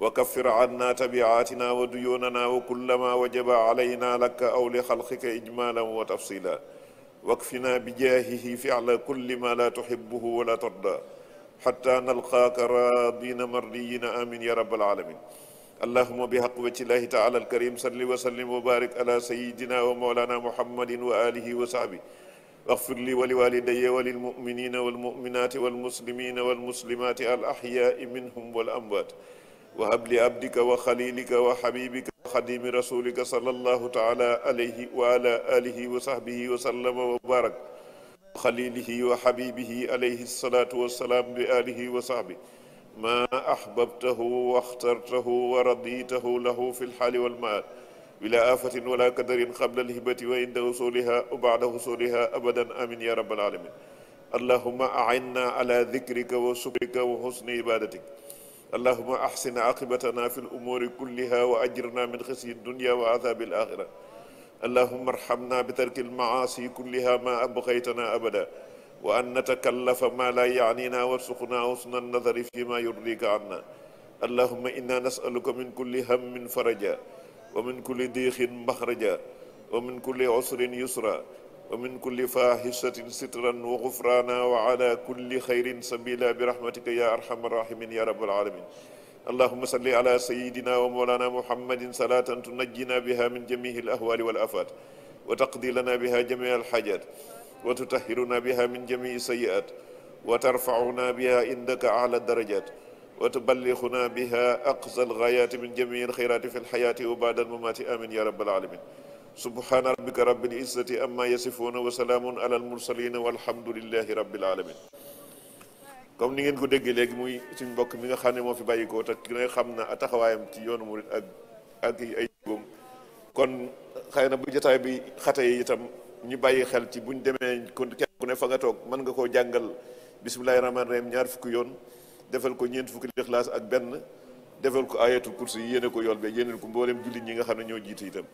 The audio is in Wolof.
وكفر عنا تبعاتنا وديوننا وكلما وجب علينا لك أو لخلقك إجمالا وتفصيلا واكفنا بجاهه فعل كل ما لا تحبه ولا ترضى حتى نلقاك راضين مرضيين آمين يا رب العالمين اللهم بحق وجه الله تعالى الكريم صل وسلم وبارك على سيدنا ومولانا محمد وآله وصحبه واغفر لي ولوالدي وللمؤمنين والمؤمنات والمسلمين والمسلمات الأحياء منهم والأموات wa habli abdika wa xalilika wa xabibika wa xadimi rasulika sallallahu taala alayhi wa ala alihi wa sahbihi wa sallama wa barak wa xalilihi wa xabibihi alayhi salaatu wa salaam bi alihi wa sahbi ma ahbabtahu wa axtartahu wa raditahu lahu fi lxaali walmaal bila afatin wala kadarin qabla alhibati wa inda usuliha wa bada usuliha abadan amin ya rabbal alamin allahuma ainna ala dikrika wa sukrika wa xusni ibadatik allahuma axsin aqibatana fi lumuuri kulliha wa ajirna min xisyi dunia wa azabi alaxira allahuma arhamna bi tarki almaasi kulliha ma abxaytana abada wa an natakallafa ma la yaanina warsuqna husna annadari fi ma yurdika anna allahuma inna nasaluka min kulli hammin faraja wa min kulli diixin maxraja wa min kulli usrin yusra wa min kulli fahishatin sitran wa ghufrana wa ala kulli khayrin sabila bi rahmatika ya arhamar rahimin ya rabbal alamin allahuma salli ala sayidina wa mawlana muhammadin salatan tunajjina biha min jamihi al ahwali wal afat wa taqdi lana biha jamia al hajat wa tutahhiruna biha min jamii sayiat wa tarfauna biha indaka ala darajat wa tuballighuna biha aqsa al ghayati min jamii al khayrati fi al hayati wa ba'da al mamati amin ya rabbal alamin subhaana rabbika rabbil izzati amma yasifuuna wa salaamun ala almursalina walhamdulillahi rabbil alamin comme ni ngeen ko déggee léegi muy si mbokk mi nga xam ne moo fi bàyyikoo te ki nga xam na a taxawaayam ci yoonu mu ak ak ay góom xëy na bu jotaay bi xate yi itam ñu bàyyi xel ci buñ demee kon kenn ku ne fa nga toog mën nga koo jàngal bismillahi rahmaani rahim ñaar fukki yoon defal ko ñeent fukki lixlaas ak benn defal ko ayatul kursi yéene ko yool be ko mboolem jullit ñi nga xam ne ñoo jiite itam